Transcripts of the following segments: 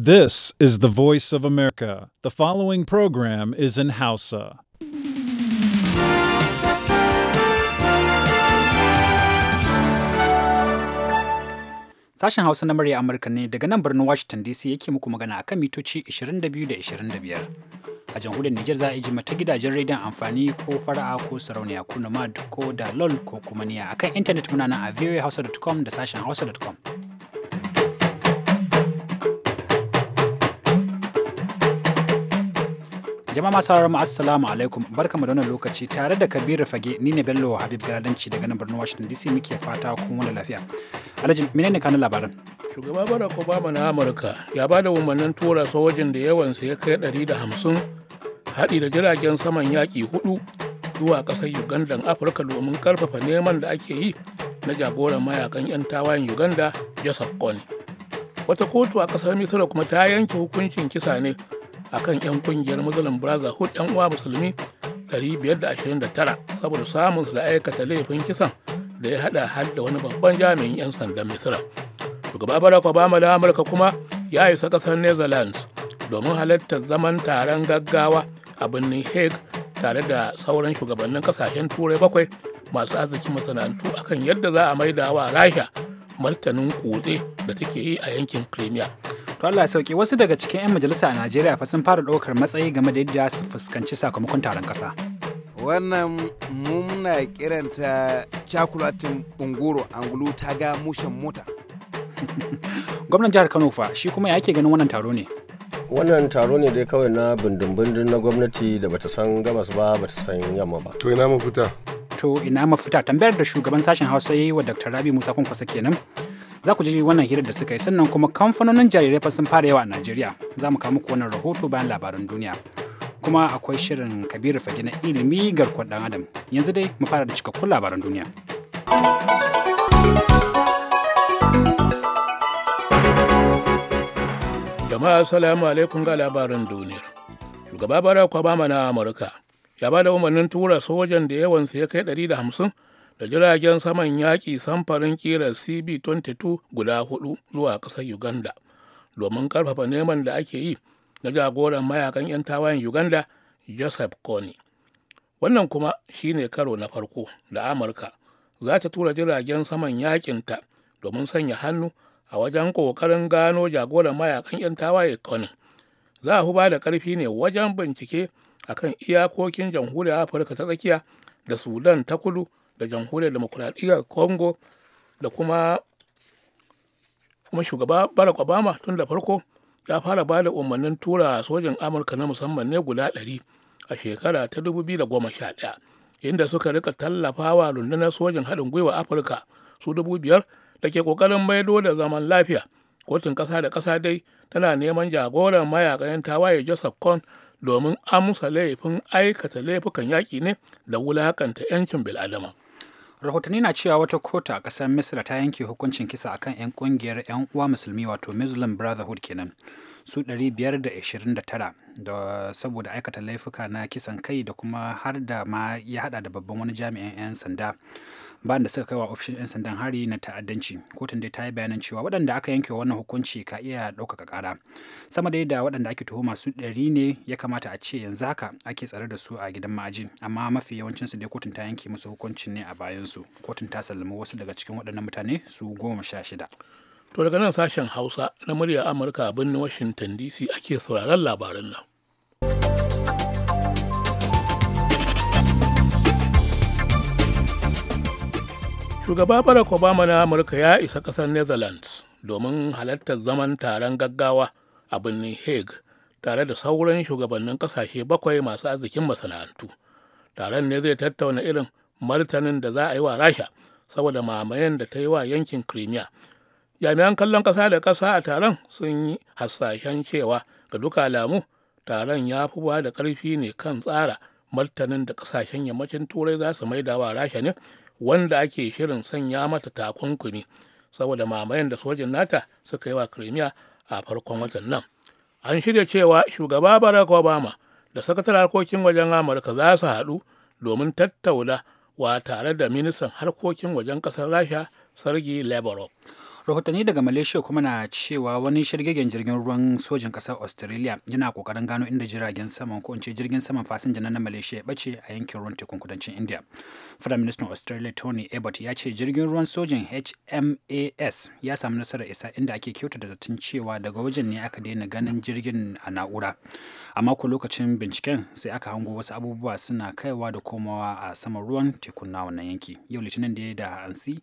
This is the voice of America. The following program is in Hausa. Sashen Hausa na murya Amurka ne daga nan birnin Washington DC yake muku magana akan mitoci 22 da 25. A jamhuriyar Nijar za a iji mata gidajen rediyon amfani ko fara'a ko sarauniya ko nomad ko da lol ko kuma niya akan intanet muna nan a voahausa.com da sashen hausa.com. Jama'a masu sauraron mu assalamu alaikum barkamu da wannan lokaci tare da Kabiru Fage ni ne Bello Habib garadanci daga nan birnin Washington DC muke fata kuma wani lafiya. Alhaji menene kanin labaran? Shugaba Barack Obama na Amurka ya ba da umarnin tura sojin da yawansa ya kai 150 haɗi da jiragen saman yaƙi hudu zuwa ƙasar Uganda Afirka domin karfafa neman da ake yi na jagoran mayakan 'yan tawayen Uganda Joseph Kony. Wata kotu a ƙasar Misira kuma ta yanke hukuncin kisa ne a kan 'yan kungiyar muslim brotherhood 'yan uwa musulmi 529 saboda samun su da aikata laifin kisan da ya hada har da wani babban jami'in 'yan sandan misira shugaba barack obama da amurka kuma ya isa kasar netherlands domin halartar zaman taron gaggawa a birnin hague tare da sauran shugabannin kasashen turai bakwai masu arzikin masana'antu akan yadda za a maida wa rasha martanin kutse da take yi a yankin crimea To Allah sauke wasu daga cikin 'yan majalisa a Najeriya fa sun fara ɗaukar matsayi game da yadda su fuskanci sakamakon taron ƙasa. Wannan muna kiranta cakulatin unguro angulu ta ga mushen mota. Gwamnan jihar Kano fa shi kuma ya ke ganin wannan taro ne. wannan taro ne dai kawai na bindin-bindin na gwamnati da bata san gabas ba bata san yamma ba to ina mafita to ina mafita tambayar da shugaban sashen hausa ya yi wa dr rabi musa kwankwasa kenan za ku ji wannan hirar da suka yi sannan kuma kamfanonin jarirai fa sun fara yawa a najeriya za mu kawo muku wannan rahoto bayan labaran duniya kuma akwai shirin kabiru fage na ilimi garkuwar dan adam yanzu dai mu fara da cikakkun labaran duniya jama'a assalamu alaikum ga labaran duniyar shugaba barack obama na amurka ya ba da umarnin tura sojan da yawansu ya kai 150 da jiragen saman yaƙi samfarin ƙirar cb-22 guda hudu zuwa ƙasar uganda domin ƙarfafa neman da ake yi na jagoran mayakan 'yan tawayen uganda joseph kony wannan kuma shine karo na farko da amurka za ta tura jiragen saman yaƙinta domin sanya hannu a wajen ƙoƙarin gano jagoran mayakan 'yan tawaye kony za a ba da ƙarfi ne wajen bincike akan iyakokin jamhuriyar afirka ta tsakiya da sudan ta kudu da jamhuriyar demokuraɗiyyar congo da kuma kuma shugaba barack obama tun da farko ya fara ba da umarnin tura sojin amurka na musamman ne guda ɗari a shekara ta 2011 inda suka rika tallafawa rundunar sojin haɗin gwiwa afirka su 5,000 da ke ƙoƙarin maido da zaman lafiya kotun ƙasa da ƙasa dai tana neman jagoran mayakan tawaye joseph con domin amsa laifin aikata laifukan yaƙi ne da wulaƙanta 'yancin bil'adama rahotanni na cewa wata kota a kasar misra ta yanke hukuncin kisa akan 'yan kungiyar 'yan uwa musulmi wato muslim brotherhood kenan su 529 da saboda aikata laifuka na kisan kai da kuma har da ma ya hada da babban wani jami'in 'yan sanda bayan da suka kai wa ofishin 'yan sandan hari na ta'addanci kotun dai ta yi bayanan cewa waɗanda aka yanke wannan hukunci ka iya ɗaukaka ƙara sama da yadda waɗanda ake tuhuma su ɗari ne ya kamata a ce yanzu haka ake tsare da su a gidan ma'aji amma mafi yawancin su dai kotun ta yanke musu hukunci ne a bayan su kotun ta sallama wasu daga cikin waɗannan mutane su goma sha shida. to daga nan sashen hausa na murya amurka a birnin washington dc ake sauraron labaran nan. shugaba barack obama na amurka ya isa kasar netherlands domin halartar zaman taron gaggawa a birnin hague tare da sauran shugabannin kasashe bakwai masu arzikin masana'antu taron ne zai tattauna irin martanin da za a yi wa rasha saboda mamayen da ta yi wa yankin crimea jami'an kallon kasa da kasa a taron sun yi hasashen cewa ga duka alamu taron ya fi ba da karfi ne kan tsara martanin da kasashen yammacin turai za su maida wa rasha ne wanda ake shirin sanya mata takunkumi saboda mamayen da sojin nata suka yi wa crimea a farkon watan nan an shirya cewa shugaba barack obama da sakatar harkokin wajen amurka za su haɗu domin tattauna wa tare da ministan harkokin wajen ƙasar rasha sargi lavrov rahotanni daga malaysia kuma na cewa wani shirgegen jirgin ruwan sojin kasar australia yana kokarin gano inda jiragen saman ko ce jirgin saman fasinja na malaysia ya bace a yankin ruwan tekun kudancin india firayim ministan australia tony abbott ya ce jirgin ruwan sojin hmas ya samu nasarar isa inda ake kyauta da zaton cewa daga wajen ne aka daina ganin jirgin a na'ura a mako lokacin binciken sai aka hango wasu abubuwa suna kaiwa da komawa a saman ruwan tekun na wannan yanki yau litinin da ya da hansi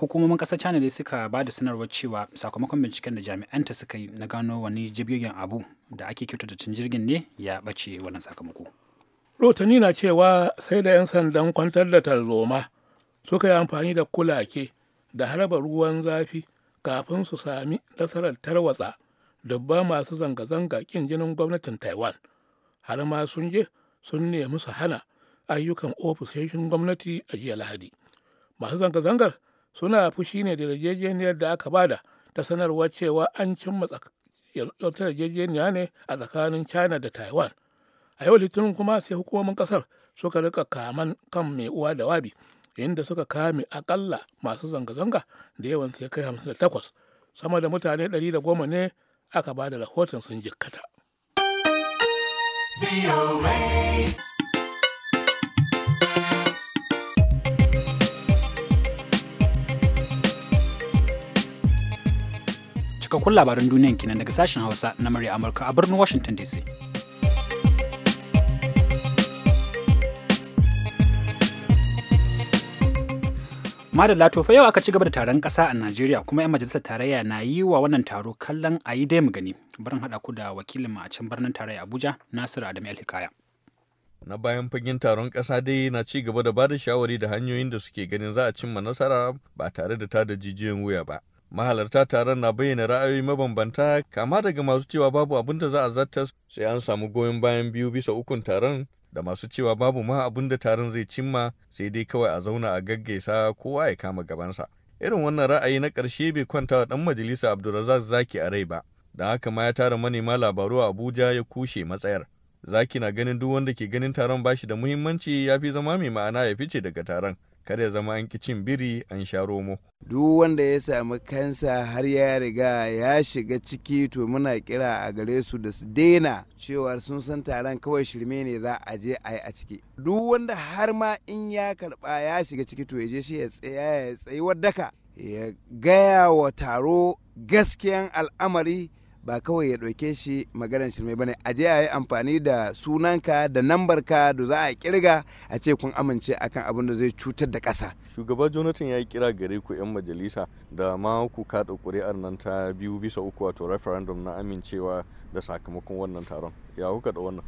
hukumomin kasar china dai suka ba da sanarwar cewa sakamakon binciken da jami'anta suka yi na gano wani jibiyoyin abu da ake kyautata cin jirgin ne ya ɓace wannan sakamako rotani na cewa sai da 'yan sandan kwantar da tarzoma suka yi amfani da kulake da harba ruwan zafi kafin su sami nasarar tarwatsa dubba masu zanga-zanga kin jinin gwamnatin taiwan har ma sun je sun nemi su hana ayyukan ofisoshin gwamnati a jiya lahadi masu zanga-zangar suna fushi ne da yarjejeniyar da aka bada ta sanarwa cewa an cimma wata yarjejeniya ne a tsakanin china da taiwan a yau litinin kuma sai hukumomin kasar suka rika kaman kan mai uwa da wabi inda suka kame akalla masu zanga-zanga da yawan sai kai hamsin da takwas sama da mutane da ɗari goma ne aka ba da rahoton sun jikkata. cikakkun labaran duniyan kenan daga sashen Hausa na murya Amurka a birnin Washington DC. Madalla fa yau aka ci gaba da taron ƙasa a Najeriya kuma 'yan majalisar tarayya na yi wa wannan taro kallon a yi dai mu gani. Barin haɗa ku da ma a can birnin tarayya Abuja, Nasiru Adamu El-Hikaya. na bayan fagen taron ƙasa dai na ci gaba da bada shawari da hanyoyin da suke ganin za a cimma nasara ba tare da tada jijiyan wuya ba mahalarta taron na bayyana ra'ayoyi mabambanta kama daga masu cewa babu abin da za a zartas sai an samu goyon bayan biyu bisa ukun taron da masu cewa babu ma abin da taron zai cimma sai dai kawai a zauna a gaggaisa kowa ya kama gabansa irin wannan ra'ayi na ƙarshe bai kwanta wa ɗan majalisa abdulrazak zaki a rai ba da haka ma ya tara manema labaru a abuja ya kushe matsayar zaki na ganin duk wanda ke ganin taron bashi da muhimmanci ya fi zama mai ma'ana ya fice daga taron kada ya zama an ki cin biri an sha romo. Duk wanda ya sami kansa har ya riga ya shiga ciki to muna kira a gare su da su daina cewar sun san taron kawai shirme ne za a je a a ciki. Duk wanda har ma in ya karba ya shiga ciki to ya je shi ya tsaya ya tsayi wadaka ya gaya wa taro gaskiyan al'amari ba kawai ya ɗauke shi maganar shirme bane a je a yi amfani da sunanka da nambarka da za a kirga a ce kun amince akan abin da zai cutar da ƙasa shugaba jonathan ya yi kira gare ku 'yan majalisa da ma ku kaɗa ƙuri'ar nan ta biyu bisa uku wato referendum na amincewa da sakamakon wannan taron ya kuka da wannan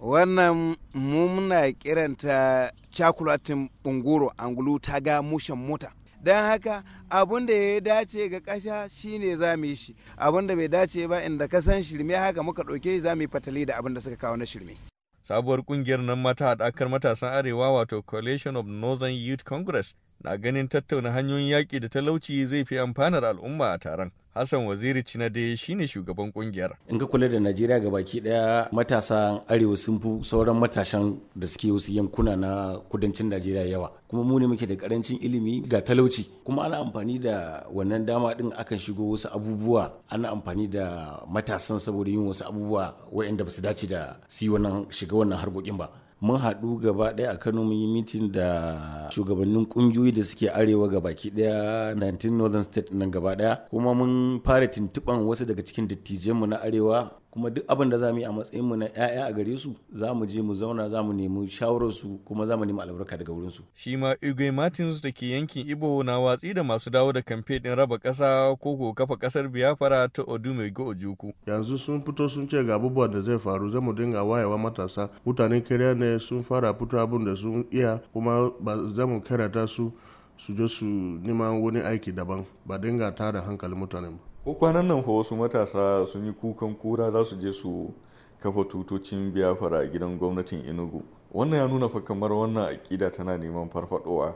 wannan mu muna kiranta cakulatin bungoro angulu ta ga mushen mota don haka abun da ya dace ga kasha shine za mu yi shi abun da bai dace ba inda ka san shirme haka muka ɗauke za mu yi fatali da abin da suka kawo na shirme sabuwar kungiyar nan mata a haɗakar matasan arewa wato coalition of northern youth congress na ganin tattauna hanyoyin yaƙi da talauci zai fi amfanar al'umma a taron Hassan Waziri Cinade shine shugaban kungiyar. In ka kula da Najeriya ga baki daya matasan arewa sun fi sauran matashan da suke wasu yankuna na kudancin Najeriya yawa. Kuma mu ne muke da karancin ilimi ga talauci. Kuma ana amfani da wannan dama din akan shigo wasu abubuwa ana amfani da matasan saboda yin wasu abubuwa waɗanda ba su dace da su yi wannan shiga wannan harkokin ba. mun haɗu gaba ɗaya a kano mun yi mitin da shugabannin ƙungiyoyi da suke arewa ga baki ɗaya 19 northern state nan gaba ɗaya kuma mun fara tuntuɓan wasu daga cikin mu na arewa kuma duk abin da za mu yi a matsayin mu na 'ya'ya a gare su za mu je mu zauna za mu nemi shawararsu kuma za mu nemi albarka daga wurin su. Shi ma Igwe Martins da ke yankin Ibo na watsi da masu dawo da kamfe din raba ƙasa ko ko kafa ƙasar Biafra ta go ojuku Yanzu sun fito sun ce ga abubuwan da zai faru zai mu dinga wayewa matasa mutane kariya ne sun fara fito abin da sun iya kuma ba za mu karata su su je su neman wani aiki daban ba dinga tada hankalin mutane ba. ko kwanan nan fa wasu matasa sun yi kukan kura za su je su kafa tutocin biyafara a gidan gwamnatin enugu wannan ya nuna fa kamar wannan aƙida tana neman farfadowa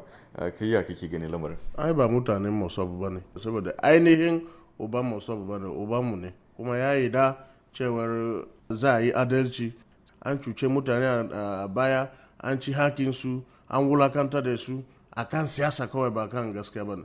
kai ya kake gani lamarin ai ba mutanen mosob ba ne saboda ainihin uban mosob ba ne ubanmu ne kuma ya yi da cewar za a yi adalci an cuce mutane a baya an ci hakinsu an wulakanta da su a kan siyasa kawai ba kan gaskiya ba ne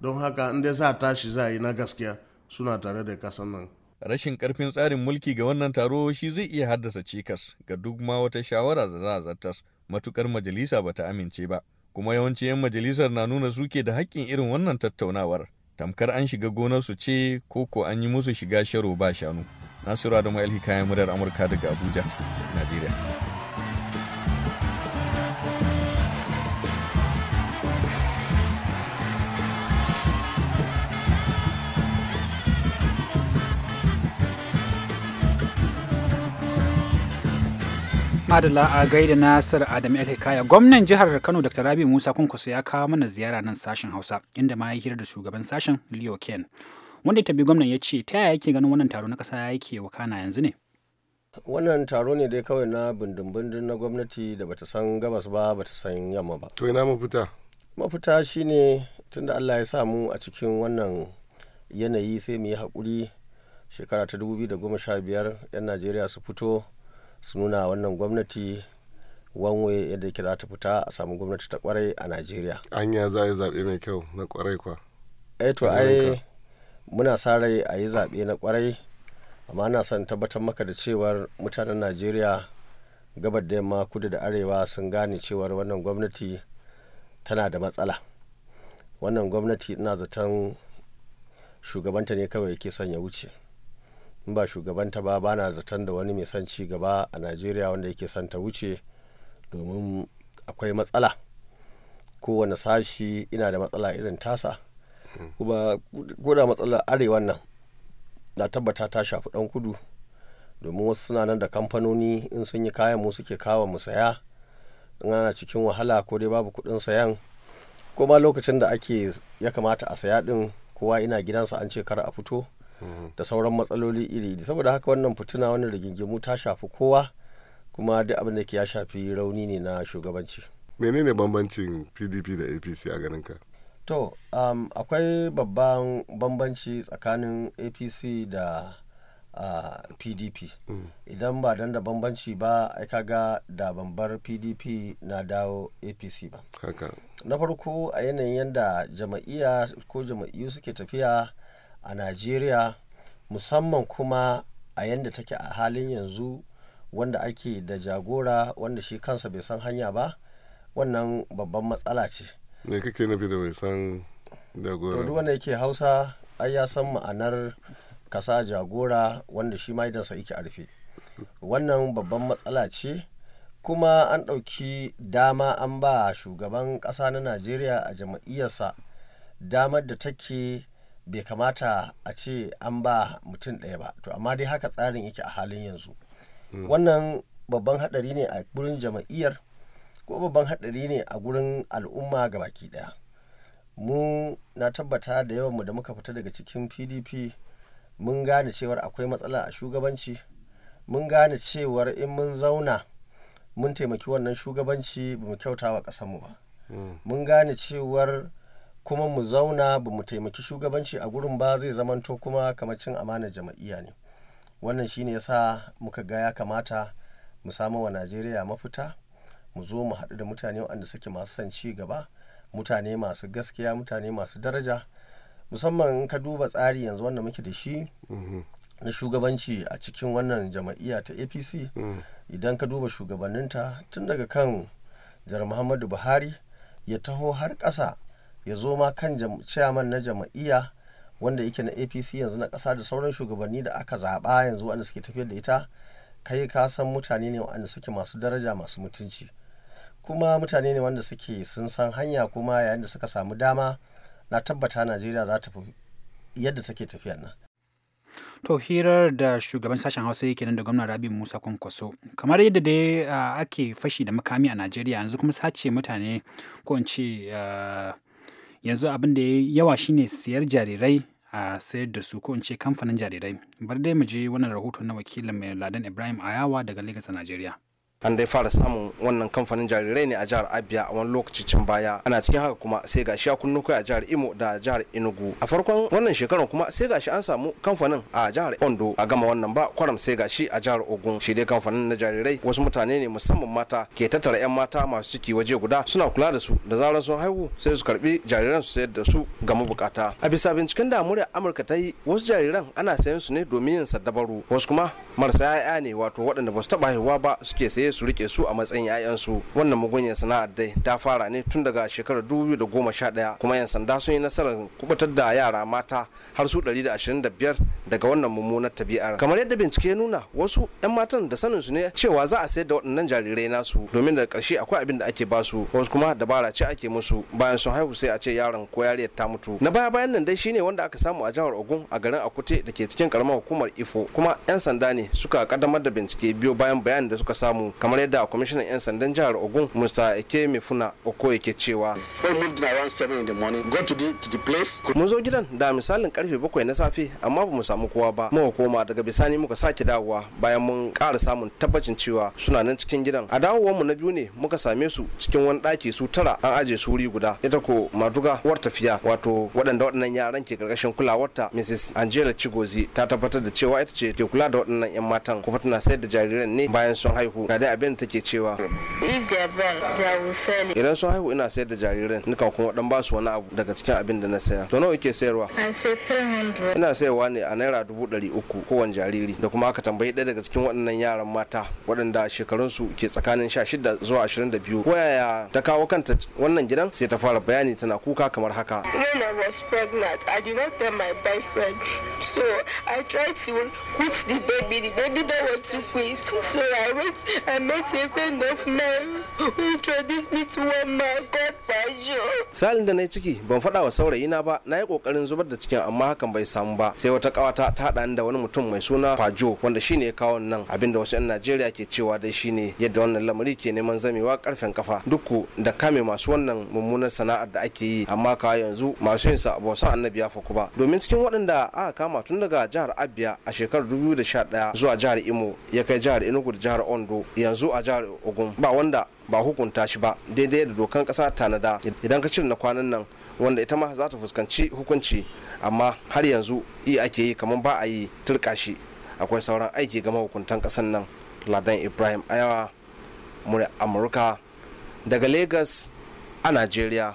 don haka inda za a tashi za a yi na gaskiya suna tare da kasan nan rashin karfin tsarin mulki ga wannan taro shi zai iya haddasa cikas ga duk ma wata shawara da za a zartas matukar majalisa ba ta amince ba kuma yawanci 'yan majalisar na nuna suke da haƙƙin irin wannan tattaunawar tamkar an shiga gonarsu ce ko ko an yi musu shiga sharo ba shanu nasiru adamu hikayen murar amurka daga abuja najeriya adala a gaida Nasir Adam El Hikaya. Gwamnan jihar Kano Dr. Rabi Musa Kunkusu ya kawo mana ziyara nan sashen Hausa inda ma ya hira da shugaban sashen Leo Ken. Wanda ta bi gwamnan ya ce ta yaya yake ganin wannan taro na kasa yake wakana yanzu ne? Wannan taro ne dai kawai na bindin-bindin na gwamnati da bata san gabas ba bata san yamma ba. To ina mafita? Mafita shine tunda Allah ya samu a cikin wannan yanayi sai mu yi hakuri shekara ta 2015 'yan Najeriya su fito su nuna wannan gwamnati wanwe yadda ke za ta fita a samu gwamnati ta kwarai a najeriya anya za a yi zaɓe mai kyau na kwarai kwa eh to ai muna sa rai a yi zaɓe na kwarai amma na son tabbatar maka da cewar mutanen najeriya gabar da yamma kudu da arewa sun gane cewar wannan gwamnati tana da matsala wannan gwamnati ina zaton shugabanta ne kawai ke son ya wuce in ba shugabanta ba ba na zaton da wani mai son ci gaba a najeriya wanda yake son ta wuce domin akwai matsala kowane sashi ina da matsala irin tasa kuma da matsalar arewa nan na tabbata ta shafi dan kudu domin wasu suna nan da kamfanoni in sun yi kayan mu suke kawo mu saya in ana cikin wahala ko dai babu kudin sayan kuma lokacin da ake ya kamata a saya din kowa ina gidansa an ce kar a fito da sauran matsaloli iri iri saboda haka wannan fituna wani rigingimu ta shafi kowa kuma duk abin da ke ya shafi rauni ne na shugabanci menene bambancin pdp da apc a ganinka to um, akwai babban bambanci tsakanin apc da uh, pdp mm. idan ba dan da bambanci ba ai kaga da bambar pdp na dawo apc ba na farko a yanayin yadda jama'iya ko jama'iyyu suke tafiya a najeriya musamman kuma a yadda take a halin yanzu wanda ake da jagora wanda shi kansa bai san hanya ba wannan babban matsala ce me kake nufi da bai san jagora duk wanda yake hausa ai ya san ma'anar kasa jagora wanda shi maidansa yake a rufe wannan babban matsala ce kuma an ɗauki dama an ba shugaban ƙasa na najeriya a jam'iyyarsa damar da take bai kamata a ce an ba mutum ɗaya ba to amma dai haka tsarin yake a halin yanzu hmm. wannan babban haɗari ne a gurin jama'iyyar ko babban haɗari ne a gurin al'umma ga baki ɗaya mu na tabbata da yawanmu da muka fita daga cikin pdp mun gane cewar akwai matsala a shugabanci mun gane cewar in mun zauna mun taimaki wannan shugabanci ba mu kyauta wa ƙasarmu ba hmm. mun gane cewar kuma mu zauna ba mu taimaki shugabanci a gurin ba zai zamanto kuma kamar cin amanar jama'iyya ne wannan shine sa muka ga ya kamata mu samu wa najeriya mafita mu zo mu haɗu da mutane waɗanda suke masu son ci gaba mutane masu gaskiya mutane masu daraja musamman in ka duba tsari yanzu wanda muke da shi mm-hmm. na shugabanci a cikin wannan jama'iyya ta apc mm. idan ka duba shugabanninta tun daga kan jar muhammadu buhari ya taho har ƙasa ya zo ma kan ciyaman na jama'iyya wanda yake na apc yanzu na kasa da sauran shugabanni da aka zaba yanzu wanda suke tafiyar da ita kai ka san mutane ne wanda suke masu daraja masu mutunci kuma mutane ne wanda suke sun san hanya kuma yayin da suka samu dama na tabbata najeriya za ta fi yadda take tafiyar nan To hirar da shugaban sashen Hausa yake nan da gwamnan Rabi Musa Kwankwaso. Kamar yadda dai ake fashi da makami a Najeriya yanzu kuma sace mutane ko in ce yanzu abin da ya yawa shine siyar jarirai a sayar da su ko in ce kamfanin jarirai bar dai mu je wannan rahoto na wakilin mai ladan ibrahim ayawa daga lagos a najeriya an dai fara samun wannan kamfanin jarirai ne a jihar abia a wani lokaci can baya ana cikin haka kuma sai gashi a kunnu kai a jihar imo da jihar enugu a farkon wannan shekarar kuma sai gashi an samu kamfanin a jihar ondo a gama wannan ba kwaram sai gashi a jihar ogun shi dai kamfanin na jarirai wasu mutane ne musamman mata ke tattara yan mata masu ciki waje guda suna kula da su da zarar sun haihu sai su karbi jariran su sayar da su ga mabukata a bisa binciken da murya amurka ta yi wasu jariran ana sayan su ne domin yin sadabaru wasu kuma marasa 'ya'ya ne wato waɗanda ba su taɓa haihuwa ba suke saye su rike su a matsayin su wannan mugunyar sana'ar dai ta fara ne tun daga shekarar 2011 kuma 'yan sanda sun yi nasarar kubutar da yara mata har su 125 daga wannan mummunar tabi'ar kamar yadda bincike ya nuna wasu 'yan matan da sanin su ne cewa za a sayar da waɗannan jarirai nasu domin daga ƙarshe akwai abin da ake basu wasu kuma dabara ce ake musu bayan sun haihu sai a ce yaron ko yariyar ta mutu na baya bayan nan dai shine wanda aka samu a jihar ogun a garin akute da ke cikin karamar hukumar ifo kuma 'yan sanda ne suka kaddamar da bincike biyo bayan bayanin da suka samu kamar yadda kwamishinan 'yan sandan jihar ogun musa ike mifuna oko yake cewa mun zo gidan da misalin karfe bakwai na safe amma ba mu samu kowa ba muka koma daga bisani muka sake dawowa bayan mun ƙara samun tabbacin cewa suna nan cikin gidan a dawowar mu na biyu ne muka same su cikin wani ɗaki su tara an aje su wuri guda ita ko maduga war tafiya wato waɗanda waɗannan yaran ke ƙarƙashin ta mrs angela chigozi ta tabbatar da cewa ita ce ke kula da waɗannan 'yan matan kuma tana sayar da jariran ne bayan sun haihu ga da abin da take cewa idan sun haihu ina sayar da jaririn nika kuma dan basu wani abu daga cikin abin da na saya to nawa yake sayarwa ina sayarwa ne a naira dubu ɗari uku kowane jariri da kuma aka tambayi ɗaya daga cikin waɗannan yaran mata waɗanda shekarunsu ke tsakanin sha shida zuwa ashirin da biyu ko yaya ta kawo kanta wannan gidan sai ta fara bayani tana kuka kamar haka when i was pregnant so i tried to quit the baby the baby don't want to quit so i wait Salin da na yi ciki ban faɗa wa na ba na yi ƙoƙarin zubar da cikin amma hakan bai samu ba sai wata ƙawata ta haɗa da wani mutum mai suna Fajo wanda shine ya kawo nan abin da wasu 'yan Najeriya ke cewa dai shine yadda wannan lamari ke neman zamewa karfen kafa duk da kame masu wannan mummunar sana'ar da ake yi amma ka yanzu masu yin sa ba san annabi ya faku ba domin cikin waɗanda aka kama tun daga jihar Abia a shekarar 2011 zuwa jihar Imo ya kai jihar Enugu da jihar Ondo yanzu a jihar ogun ba wanda ba hukunta shi ba daidai da dokan kasa tanada idan ka cire na kwanan nan wanda ita ma za ta fuskanci hukunci amma har yanzu iya ake yi kamar ba a yi turka shi akwai sauran aiki ga hukuntan kasan nan ladan ibrahim ayawa murya amurka daga lagos a nigeria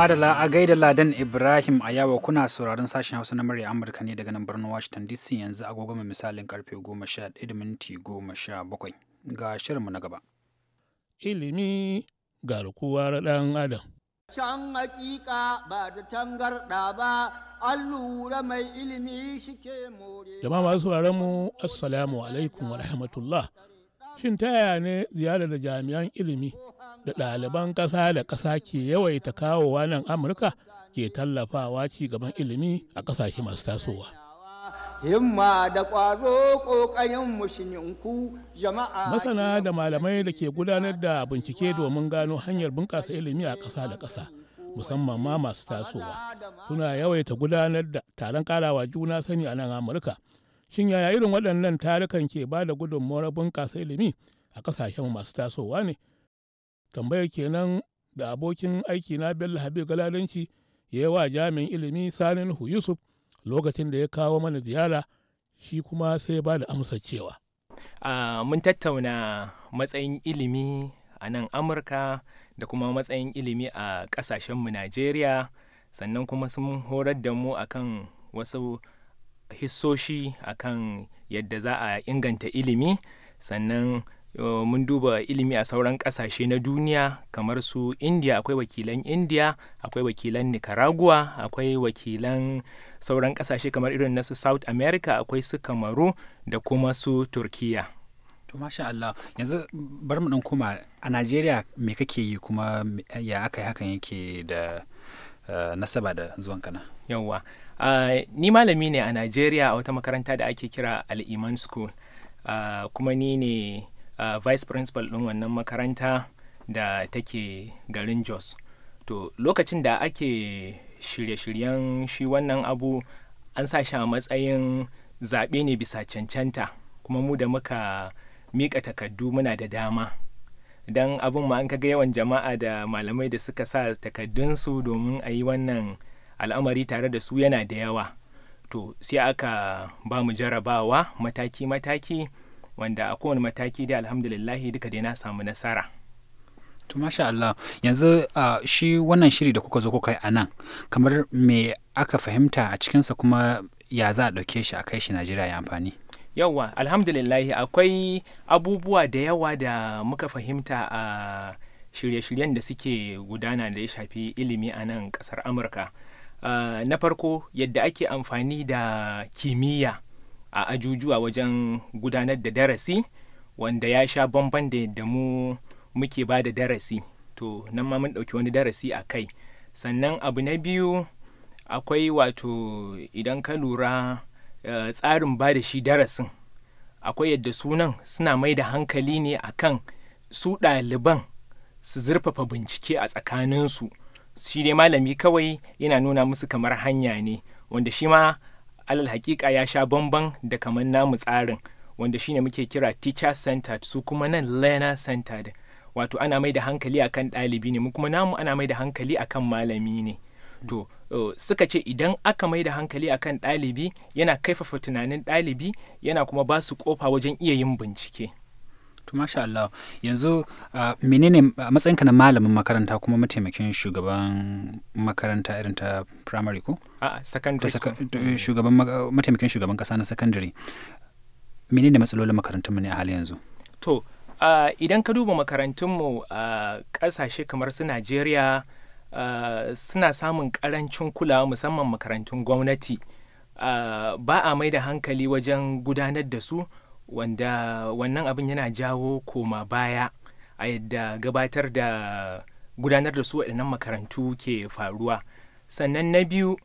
Madala a gaida Ladan Ibrahim a yawa kuna sauraron sashen Hausa na murya Amurka ne daga nan birnin Washington DC yanzu agogo mai misalin karfe 11:17 ga shirinmu na gaba. Ilimi ga garkuwar ɗan Adam. Can hakika ba da tangarɗa ba, an lura mai ilimi shi ke more. Jama'a masu sauraron mu, Assalamu alaikum wa rahmatullah. Shin ta yaya ne ziyarar da jami'an ilimi da ɗaliban ƙasa da ƙasa ke yawaita kawowa nan amurka ke tallafawa ci gaban ilimi a ƙasashe masu tasowa himma da ƙwazo ƙoƙarin mushininku jama'a masana da malamai da ke gudanar da bincike domin gano hanyar bunƙasa ilimi a ƙasa da ƙasa musamman ma masu tasowa suna yawaita gudanar da taron ƙarawa juna sani a nan amurka shin yaya irin waɗannan tarukan ke ba da gudunmawar bunƙasa ilimi a ƙasashen masu tasowa ne tambayar kenan da abokin aiki na bello habib galadanci ya yi wa jami'in ilimi sanin yusuf lokacin da ya kawo mana ziyara shi kuma sai ba da amsa cewa mun tattauna matsayin ilimi a nan amurka da kuma matsayin ilimi a kasashenmu najeriya sannan kuma sun horar da mu akan wasu hissoshi akan yadda za a inganta ilimi sannan mun duba ilimi a sauran kasashe na duniya kamar su india akwai wakilan india akwai wakilan nicaragua akwai wakilan sauran kasashe kamar irin na su south america akwai su kamaru da kuma su turkiya to masha Allah yanzu bar mu dan kuma a nigeria me kake yi kuma ya aka hakan yake da eh, nasaba da zuwan kana yawwa ni malami ne a nigeria a wata makaranta da ake kira Al-Iman School kuma ni ne uh, vice principal ɗin wannan makaranta da take garin jos to lokacin da ake shirye-shiryen shi wannan abu an sa shi a matsayin zaɓe ne bisa cancanta kuma mu da muka mika takardu muna da dama don abin ma an kaga yawan jama'a da malamai da suka sa takardunsu domin a yi wannan al'amari tare da su yana da yawa to sai aka ba mu jarabawa mataki-mataki wanda a kowane mataki da alhamdulillahi duka dai na samu nasara to masha Allah yanzu shi wannan shiri da kuka zo kuka yi a nan kamar me aka fahimta a cikinsa kuma ya za a ɗauke shi a kai shi Najeriya ya amfani yawa alhamdulillahi akwai abubuwa da yawa da muka fahimta a shirye-shiryen da suke gudana da ya shafi ilimi a nan ƙasar amurka uh, na farko yadda ake amfani da kimiyya a ajujuwa wajen gudanar da darasi wanda ya sha bamban da yadda mu muke ba da darasi to nan ma mun ɗauki wani darasi a kai sannan abu na biyu akwai wato idan ka lura eh, tsarin ba da shi darasin akwai yadda sunan suna mai da hankali ne a kan su ɗaliban su zurfafa bincike a tsakaninsu shi dai malami kawai yana nuna musu kamar hanya ne wanda shi ma alal hakika ya sha bamban da kamar namu tsarin wanda shine muke kira teacher centered su kuma nan learner centered wato ana mai da hankali akan ɗalibi ne mu kuma namu ana mai da hankali akan malami ne to suka ce idan aka mai da hankali akan ɗalibi yana kaifafa tunanin ɗalibi yana kuma ba su kofa wajen iya yin bincike to masha Allah yanzu uh, menene matsayinka na malamin makaranta kuma mataimakin shugaban makaranta irin ta primary ko Eh, shugaban mataimakin shugaban kasa na secondary menene matsalolin makarantun mu ne a hali yanzu to idan ka duba makarantun mu a kasashe kamar su Najeriya suna samun karancin kulawa musamman makarantun gwamnati ba a mai da hankali wajen gudanar da su wanda wannan abin yana jawo koma baya a yadda gabatar da gudanar da su waɗannan makarantu ke faruwa sannan na biyu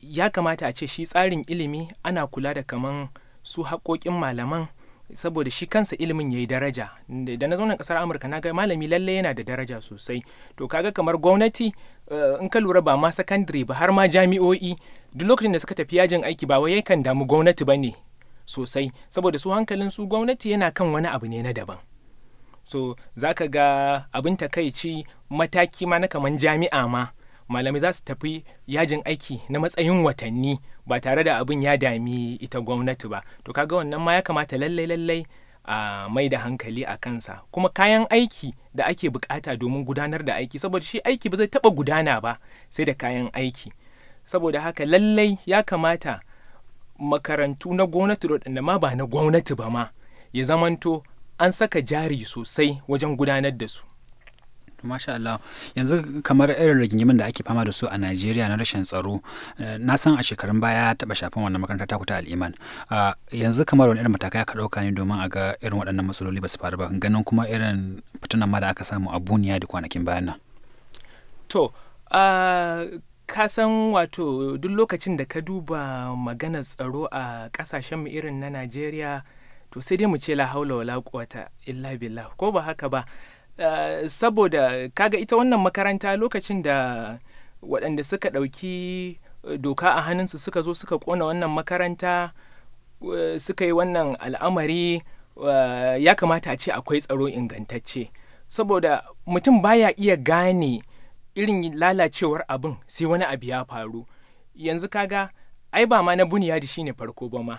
ya kamata a ce shi tsarin ilimi ana kula da kaman su haƙoƙin malaman saboda shi kansa ilimin ya yi daraja da na zaunan ƙasar amurka na ga malami lalle yana da daraja sosai to kaga kamar gwamnati eh, in ka lura ba ma sakandare ba har ma jami'o'i duk lokacin da suka tafi yajin aiki ba wai kan damu gwamnati ba ne sosai saboda su hankalin su gwamnati yana kan wani abu ne na daban so za ka ga abin takaici mataki ma na kaman jami'a ma malamai za su tafi yajin aiki na matsayin watanni ba tare da abin ya dami ita gwamnati ba to kaga wannan ma ya kamata lallai lallai a mai da hankali a kansa kuma kayan aiki da ake bukata domin gudanar da aiki saboda shi aiki ba zai taba gudana ba sai da kayan aiki saboda haka lallai ya kamata makarantu na gwamnati waɗanda ma ba na gwamnati ba ma ya zamanto an saka jari sosai wajen gudanar da su masha Allah yanzu kamar irin rigingimin da ake fama da su a Najeriya na rashin tsaro eh, na san a shekarun baya taɓa shafin wannan makaranta ta kuta al'iman ah, yanzu kamar wani irin matakai aka ɗauka ne domin a ga irin waɗannan matsaloli ba su faru ba ganin kuma irin fitunan ma da aka samu a buniya da kwanakin bayan nan. To, ah, ka san wato duk lokacin da ka duba maganar tsaro a ƙasashen irin na Najeriya to sai dai mu ce la haula wala quwata illa billah ko ba haka ba Eh, saboda kaga ita wannan makaranta lokacin da waɗanda suka ɗauki eh, doka a hannunsu suka zo suka ƙona wannan makaranta eh, suka yi wannan al'amari ya kamata a ce akwai tsaro ingantacce saboda mutum baya iya gane irin lalacewar abin sai wani abu ya faru yanzu kaga ai ba ma na buniyadi shine farko ba ma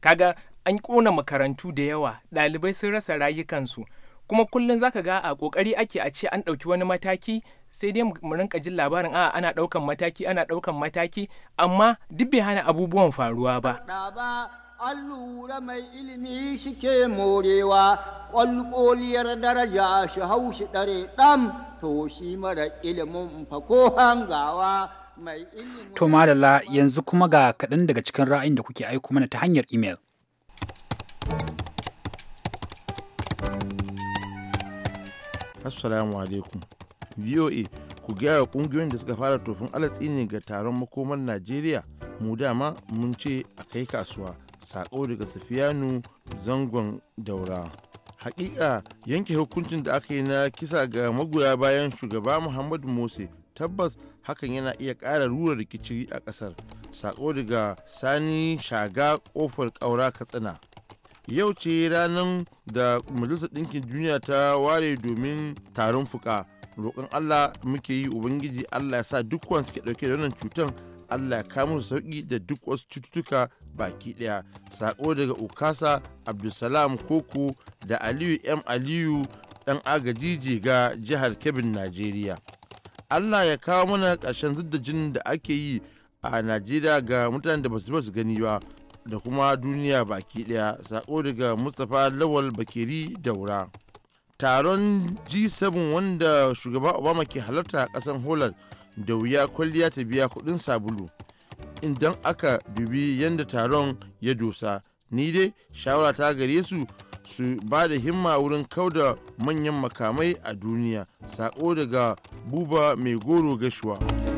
kaga an ƙona makarantu da yawa ɗalibai sun rasa rayukansu kuma kullum zaka ga a kokari ake a ce an ɗauki wani mataki sai dai mu rinka jin labarin a ana ɗaukan mataki ana ɗaukan mataki amma duk bai hana abubuwan faruwa ba an lura mai ilimi shike morewa ƙwalƙoliyar daraja shi haushi shi ɗare ɗan to shi mara ilimin fako hangawa mai ilimin to madalla yanzu kuma ga kaɗan daga cikin ra'ayin da kuke aiko mana ta hanyar imel assalamu alaikum voa ku gaya wa kungiyoyin da suka fara tofin alatsi ga taron makomar najeriya mu dama mun ce a kai kasuwa sako daga safiyanu zangon daura hakika yanke hukuncin da aka yi na kisa ga magoya bayan shugaba muhammadu mose tabbas hakan yana iya ƙara rura rikici a ƙasar sako daga sani shaga ƙofar ƙaura katsina yau ce ranar da majalisar ɗinkin duniya ta ware domin taron fuka roƙon allah muke yi ubangiji allah ya sa duk wansu suke ɗauke da wannan cutar allah ya kama su sauƙi da duk wasu cututtuka baki ɗaya saƙo daga ukasa abdulsalam koko da aliyu m aliyu ɗan agaji jega jihar kebin najeriya allah ya kawo mana ƙarshen zidda da ake yi a najeriya ga mutanen da ba su gani ba da kuma duniya baki daya sako daga mustapha lawal bakiri daura taron g7 wanda shugaba obama ke halarta a kasan holland da wuya kwalliya ta biya kudin sabulu idan aka dubi yadda taron ya dosa ni dai shawara ta gare su su ba da himma wurin kau da manyan makamai a duniya sako daga buba mai goro gashuwa.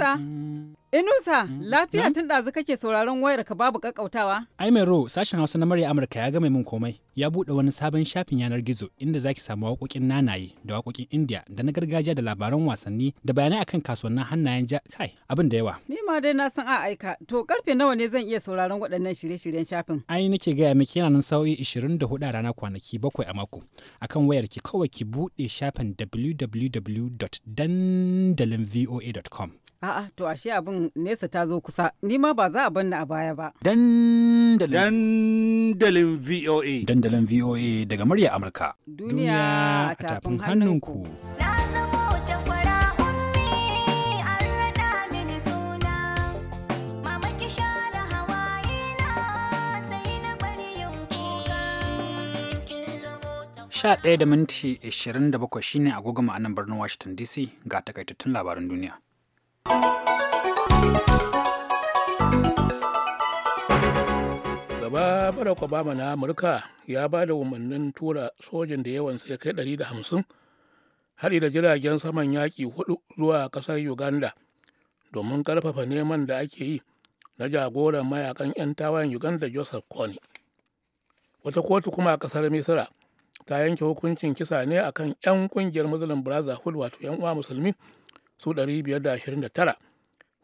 Inusa. Inusa, lafiya tun ɗazu kake sauraron wayar ka babu kakautawa? Ai mai ro, sashen Hausa na murya Amurka ya gama min komai. Ya buɗe wani sabon shafin yanar gizo inda zaki samu waƙoƙin nanaye da waƙoƙin India da na gargajiya da labaran wasanni da bayanai akan kasuwannin hannayen ja kai abin da yawa. Ni ma dai na san a aika. To karfe nawa ne zan iya sauraron waɗannan shirye-shiryen shafin? Ai nake gaya miki yana nan sa'o'i 24 a rana kwanaki bakwai a mako. Akan wayar ki kawai ki buɗe shafin www.dandalinvoa.com. A'a to ashe abin nesa ta zo kusa ni ma ba za a banna a baya ba. Dandalin Dandalin VOA Dandalin VOA daga murya Amurka. Duniya a tafin hannunku. Sha ɗaya da minti 27 shine agogo ma'anan birnin Washington DC ga takaitattun labaran duniya. Gaba barak Obama na Amurka ya ba da umarnin tura sojin da yawan sai kai 150 haɗi da jiragen saman yaƙi hudu zuwa ƙasar Uganda domin ƙarfafa neman da ake yi na jagoran mayakan 'yan tawayen Uganda Joseph Kone. Wata kotu kuma a ƙasar Misira ta yanke hukuncin kisa ne akan 'yan ƙungiyar Muslim Brotherhood wato 'yan uwa musulmi su 529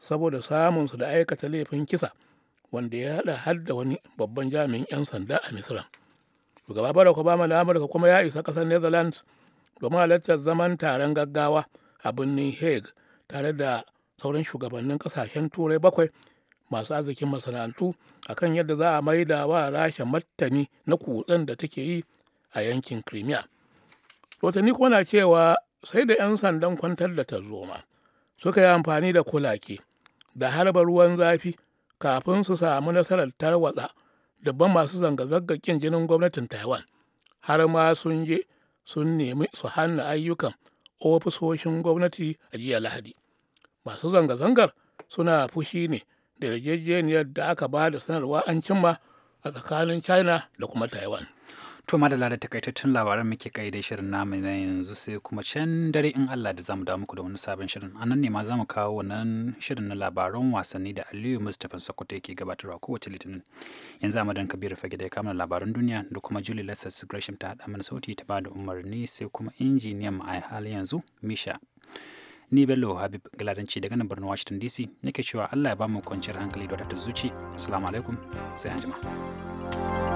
saboda samunsu da aikata laifin kisa wanda ya haɗa har da wani babban jami'in 'yan sanda a Misira. shugaba barack obama na amurka kuma ya isa ƙasar netherlands domin halartar zaman taron gaggawa a birnin hague tare da sauran shugabannin ƙasashen turai bakwai masu arzikin masana'antu akan yadda za a maida wa rasha martani na kutsen da take yi a yankin crimea rotanni kuma na cewa sai da 'yan sandan kwantar da tarzoma suka yi amfani da kulake da harba ruwan zafi kafin su samu nasarar tarwatsa dabban masu zanga-zanga ƙin jinin gwamnatin taiwan har ma sun je sun nemi su hana ayyukan ofisoshin gwamnati a jiya lahadi masu zanga-zangar suna fushi ne da yarjejeniyar da aka ba da sanarwa an cimma a tsakanin china da kuma taiwan To madalla da takaitattun labaran muke kai da shirin namu na yanzu sai kuma can dare in Allah da zamu dawo muku da wani sabon shirin. A nan ne ma zamu kawo wannan shirin na labaran wasanni da Aliyu Mustapha Sokoto yake gabatarwa kowace Litinin. Yanzu amadan madan Fage da ya kama labaran duniya da kuma Julie Lessas Gresham ta haɗa mana sauti ta bada umarni sai kuma injiniyan mu a hali yanzu Misha. Ni Bello Habib Galadanci daga nan birnin Washington DC nake cewa Allah ya ba mu kwanciyar hankali da ta zuci. Assalamu alaikum sai anjima. thank